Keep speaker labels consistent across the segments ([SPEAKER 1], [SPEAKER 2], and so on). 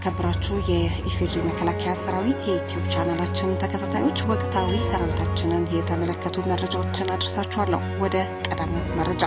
[SPEAKER 1] የተከበራችሁ የኢፌዴሪ መከላከያ ሰራዊት የኢትዮ ቻናላችን ተከታታዮች ወቅታዊ ሰራዊታችንን የተመለከቱ መረጃዎችን አድርሳችኋለሁ። ወደ ቀዳሚው መረጃ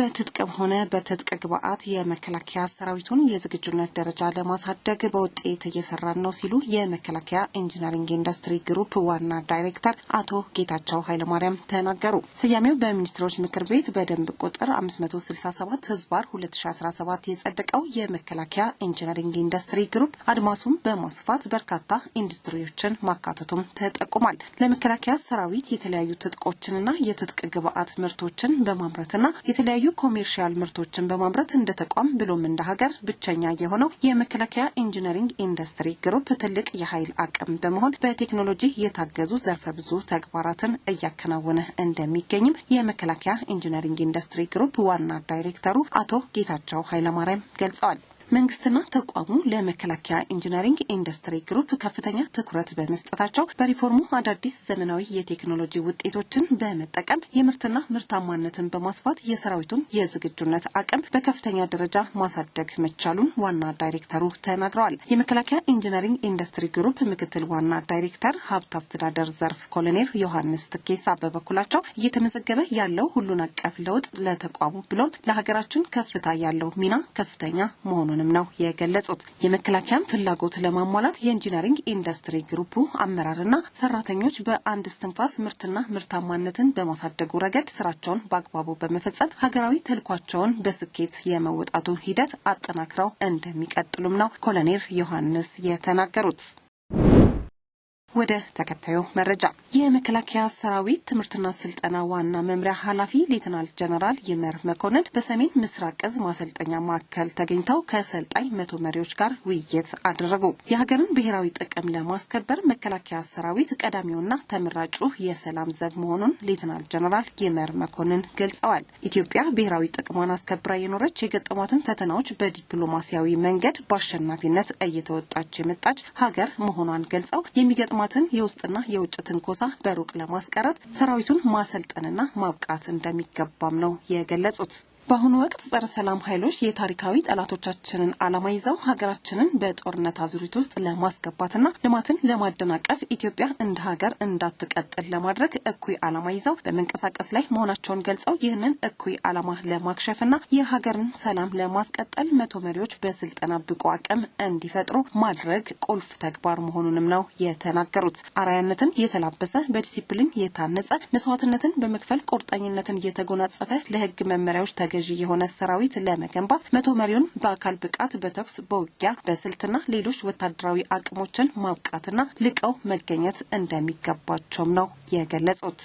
[SPEAKER 1] በትጥቅም ሆነ በትጥቅ ግብአት የመከላከያ ሰራዊቱን የዝግጁነት ደረጃ ለማሳደግ በውጤት እየሰራን ነው ሲሉ የመከላከያ ኢንጂነሪንግ ኢንዱስትሪ ግሩፕ ዋና ዳይሬክተር አቶ ጌታቸው ኃይለማርያም ተናገሩ። ስያሜው በሚኒስትሮች ምክር ቤት በደንብ ቁጥር 567 ህዝባር 2017 የጸደቀው የመከላከያ ኢንጂነሪንግ ኢንዱስትሪ ግሩፕ አድማሱን በማስፋት በርካታ ኢንዱስትሪዎችን ማካተቱም ተጠቁሟል። ለመከላከያ ሰራዊት የተለያዩ ትጥቆችንና የትጥቅ ግብአት ምርቶችን በማምረትና የተለያዩ ኮሜርሻል ምርቶችን በማምረት እንደ ተቋም ብሎም እንደ ሀገር ብቸኛ የሆነው የመከላከያ ኢንጂነሪንግ ኢንዱስትሪ ግሩፕ ትልቅ የኃይል አቅም በመሆን በቴክኖሎጂ የታገዙ ዘርፈ ብዙ ተግባራትን እያከናወነ እንደሚገኝም የመከላከያ ኢንጂነሪንግ ኢንዱስትሪ ግሩፕ ዋና ዳይሬክተሩ አቶ ጌታቸው ኃይለማርያም ገልጸዋል። መንግስትና ተቋሙ ለመከላከያ ኢንጂነሪንግ ኢንዱስትሪ ግሩፕ ከፍተኛ ትኩረት በመስጠታቸው በሪፎርሙ አዳዲስ ዘመናዊ የቴክኖሎጂ ውጤቶችን በመጠቀም የምርትና ምርታማነትን በማስፋት የሰራዊቱን የዝግጁነት አቅም በከፍተኛ ደረጃ ማሳደግ መቻሉን ዋና ዳይሬክተሩ ተናግረዋል። የመከላከያ ኢንጂነሪንግ ኢንዱስትሪ ግሩፕ ምክትል ዋና ዳይሬክተር ሀብት አስተዳደር ዘርፍ ኮሎኔል ዮሐንስ ትኬሳ በበኩላቸው እየተመዘገበ ያለው ሁሉን አቀፍ ለውጥ ለተቋሙ ብሎም ለሀገራችን ከፍታ ያለው ሚና ከፍተኛ መሆኑን መሆኑንም ነው የገለጹት። የመከላከያን ፍላጎት ለማሟላት የኢንጂነሪንግ ኢንዱስትሪ ግሩፑ አመራርና ሰራተኞች በአንድ እስትንፋስ ምርትና ምርታማነትን በማሳደጉ ረገድ ስራቸውን በአግባቡ በመፈጸም ሀገራዊ ተልኳቸውን በስኬት የመወጣቱ ሂደት አጠናክረው እንደሚቀጥሉም ነው ኮሎኔል ዮሐንስ የተናገሩት። ወደ ተከታዩ መረጃ የመከላከያ ሰራዊት ትምህርትና ስልጠና ዋና መምሪያ ኃላፊ ሌትናል ጀነራል የመር መኮንን በሰሜን ምስራቅ እዝ ማሰልጠኛ ማዕከል ተገኝተው ከሰልጣኝ መቶ መሪዎች ጋር ውይይት አደረጉ። የሀገርን ብሔራዊ ጥቅም ለማስከበር መከላከያ ሰራዊት ቀዳሚውና ተመራጩ የሰላም ዘብ መሆኑን ሌትናል ጀነራል የመር መኮንን ገልጸዋል። ኢትዮጵያ ብሔራዊ ጥቅሟን አስከብራ የኖረች የገጠሟትን ፈተናዎች በዲፕሎማሲያዊ መንገድ በአሸናፊነት እየተወጣች የመጣች ሀገር መሆኗን ገልጸው የሚገጥሟት የደረሰባትን የውስጥና የውጭ ትንኮሳ በሩቅ ለማስቀረት ሰራዊቱን ማሰልጠንና ማብቃት እንደሚገባም ነው የገለጹት። በአሁኑ ወቅት ጸረ ሰላም ኃይሎች የታሪካዊ ጠላቶቻችንን ዓላማ ይዘው ሀገራችንን በጦርነት አዙሪት ውስጥ ለማስገባትና ልማትን ለማደናቀፍ ኢትዮጵያ እንደ ሀገር እንዳትቀጥል ለማድረግ እኩይ ዓላማ ይዘው በመንቀሳቀስ ላይ መሆናቸውን ገልጸው ይህንን እኩይ ዓላማ ለማክሸፍና የሀገርን ሰላም ለማስቀጠል መቶ መሪዎች በስልጠና ብቁ አቅም እንዲፈጥሩ ማድረግ ቁልፍ ተግባር መሆኑንም ነው የተናገሩት። አርአያነትን የተላበሰ በዲሲፕሊን የታነጸ መስዋዕትነትን በመክፈል ቁርጠኝነትን የተጎናጸፈ ለህግ መመሪያዎች ተገ ገዢ የሆነ ሰራዊት ለመገንባት መቶ መሪውን በአካል ብቃት፣ በተኩስ በውጊያ በስልትና ሌሎች ወታደራዊ አቅሞችን ማብቃትና ልቀው መገኘት እንደሚገባቸውም ነው የገለጹት።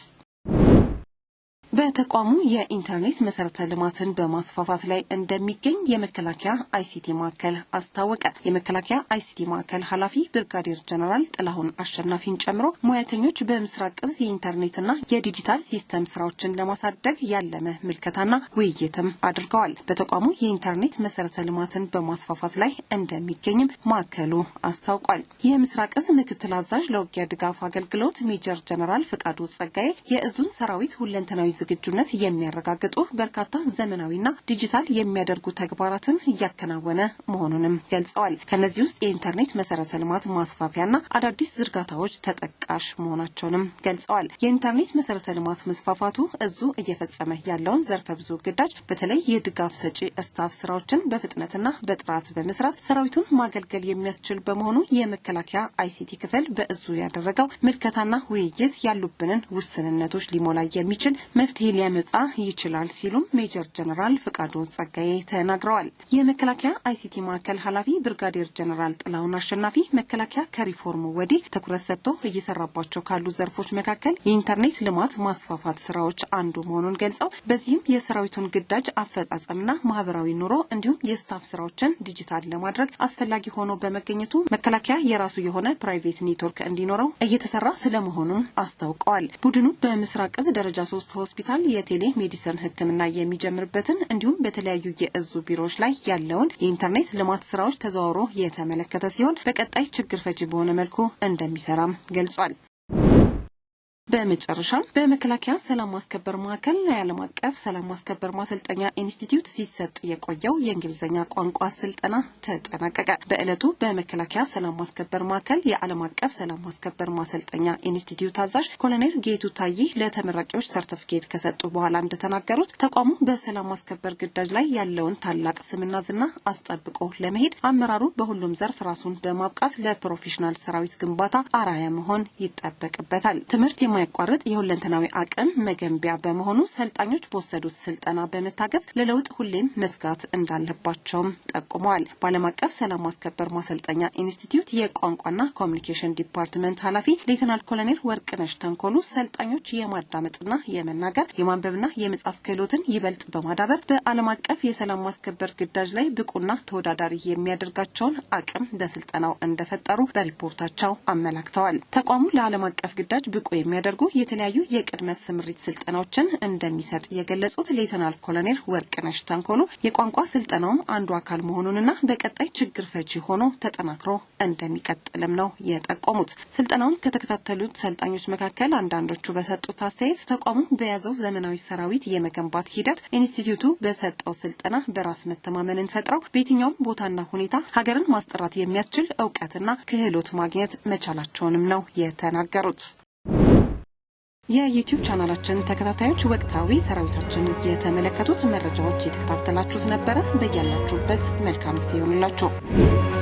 [SPEAKER 1] በተቋሙ የኢንተርኔት መሰረተ ልማትን በማስፋፋት ላይ እንደሚገኝ የመከላከያ አይሲቲ ማዕከል አስታወቀ። የመከላከያ አይሲቲ ማዕከል ኃላፊ ብርጋዴር ጀነራል ጥላሁን አሸናፊን ጨምሮ ሙያተኞች በምስራቅ እዝ የኢንተርኔትና የዲጂታል ሲስተም ስራዎችን ለማሳደግ ያለመ ምልከታና ውይይትም አድርገዋል። በተቋሙ የኢንተርኔት መሰረተ ልማትን በማስፋፋት ላይ እንደሚገኝም ማዕከሉ አስታውቋል። የምስራቅ እዝ ምክትል አዛዥ ለውጊያ ድጋፍ አገልግሎት ሜጀር ጀነራል ፍቃዱ ጸጋዬ የእዙን ሰራዊት ሁለንተናዊ ዝግጁነት የሚያረጋግጡ በርካታ ዘመናዊና ዲጂታል የሚያደርጉ ተግባራትን እያከናወነ መሆኑንም ገልጸዋል። ከነዚህ ውስጥ የኢንተርኔት መሰረተ ልማት ማስፋፊያና አዳዲስ ዝርጋታዎች ተጠቃሽ መሆናቸውንም ገልጸዋል። የኢንተርኔት መሰረተ ልማት መስፋፋቱ እዙ እየፈጸመ ያለውን ዘርፈ ብዙ ግዳጅ በተለይ የድጋፍ ሰጪ ስታፍ ስራዎችን በፍጥነትና በጥራት በመስራት ሰራዊቱን ማገልገል የሚያስችል በመሆኑ የመከላከያ አይሲቲ ክፍል በእዙ ያደረገው ምልከታና ውይይት ያሉብንን ውስንነቶች ሊሞላ የሚችል መፍ መፍትሄ ሊያመጣ ይችላል ሲሉም ሜጀር ጀነራል ፍቃዱ ጸጋዬ ተናግረዋል። የመከላከያ አይሲቲ ማዕከል ኃላፊ ብርጋዴር ጀነራል ጥላሁን አሸናፊ መከላከያ ከሪፎርሙ ወዲህ ትኩረት ሰጥቶ እየሰራባቸው ካሉ ዘርፎች መካከል የኢንተርኔት ልማት ማስፋፋት ስራዎች አንዱ መሆኑን ገልጸው በዚህም የሰራዊቱን ግዳጅ አፈጻጸምና ማህበራዊ ኑሮ እንዲሁም የስታፍ ስራዎችን ዲጂታል ለማድረግ አስፈላጊ ሆኖ በመገኘቱ መከላከያ የራሱ የሆነ ፕራይቬት ኔትወርክ እንዲኖረው እየተሰራ ስለመሆኑም አስታውቀዋል። ቡድኑ በምስራቅ እዝ ደረጃ ሶስት ሆስፒታል ሆስፒታል የቴሌ ሜዲሰን ህክምና የሚጀምርበትን እንዲሁም በተለያዩ የእዙ ቢሮዎች ላይ ያለውን የኢንተርኔት ልማት ስራዎች ተዘዋውሮ የተመለከተ ሲሆን በቀጣይ ችግር ፈቺ በሆነ መልኩ እንደሚሰራም ገልጿል። በመጨረሻም በመከላከያ ሰላም ማስከበር ማዕከል የዓለም አቀፍ ሰላም ማስከበር ማሰልጠኛ ኢንስቲትዩት ሲሰጥ የቆየው የእንግሊዝኛ ቋንቋ ስልጠና ተጠናቀቀ። በዕለቱ በመከላከያ ሰላም ማስከበር ማዕከል የዓለም አቀፍ ሰላም ማስከበር ማሰልጠኛ ኢንስቲትዩት አዛዥ ኮሎኔል ጌቱ ታዬ ለተመራቂዎች ሰርተፍኬት ከሰጡ በኋላ እንደተናገሩት ተቋሙ በሰላም ማስከበር ግዳጅ ላይ ያለውን ታላቅ ስምና ዝና አስጠብቆ ለመሄድ አመራሩ በሁሉም ዘርፍ ራሱን በማብቃት ለፕሮፌሽናል ሰራዊት ግንባታ አራያ መሆን ይጠበቅበታል። ትምህርት የማያ የማይቋረጥ የሁለንተናዊ አቅም መገንቢያ በመሆኑ ሰልጣኞች በወሰዱት ስልጠና በመታገዝ ለለውጥ ሁሌም መዝጋት እንዳለባቸውም ጠቁመዋል። በዓለም አቀፍ ሰላም ማስከበር ማሰልጠኛ ኢንስቲትዩት የቋንቋና ኮሚኒኬሽን ዲፓርትመንት ኃላፊ ሌተናል ኮሎኔል ወርቅነሽ ተንኮሉ ሰልጣኞች የማዳመጥና የመናገር የማንበብና የመጻፍ ክህሎትን ይበልጥ በማዳበር በዓለም አቀፍ የሰላም ማስከበር ግዳጅ ላይ ብቁና ተወዳዳሪ የሚያደርጋቸውን አቅም በስልጠናው እንደፈጠሩ በሪፖርታቸው አመላክተዋል። ተቋሙ ለዓለም አቀፍ ግዳጅ ብቁ የሚያደርጉ የሚያደርጉ የተለያዩ የቅድመ ስምሪት ስልጠናዎችን እንደሚሰጥ የገለጹት ሌተናል ኮሎኔል ወርቅነሽ ተንኮሉ የቋንቋ ስልጠናውም አንዱ አካል መሆኑንና በቀጣይ ችግር ፈቺ ሆኖ ተጠናክሮ እንደሚቀጥልም ነው የጠቆሙት። ስልጠናውን ከተከታተሉት ሰልጣኞች መካከል አንዳንዶቹ በሰጡት አስተያየት ተቋሙ በያዘው ዘመናዊ ሰራዊት የመገንባት ሂደት ኢንስቲትዩቱ በሰጠው ስልጠና በራስ መተማመንን ፈጥረው በየትኛውም ቦታና ሁኔታ ሀገርን ማስጠራት የሚያስችል እውቀትና ክህሎት ማግኘት መቻላቸውንም ነው የተናገሩት። የዩቲዩብ ቻናላችን ተከታታዮች ወቅታዊ ሰራዊታችን የተመለከቱት መረጃዎች የተከታተላችሁት ነበረ። በያላችሁበት መልካም ጊዜ ይሆንላችሁ።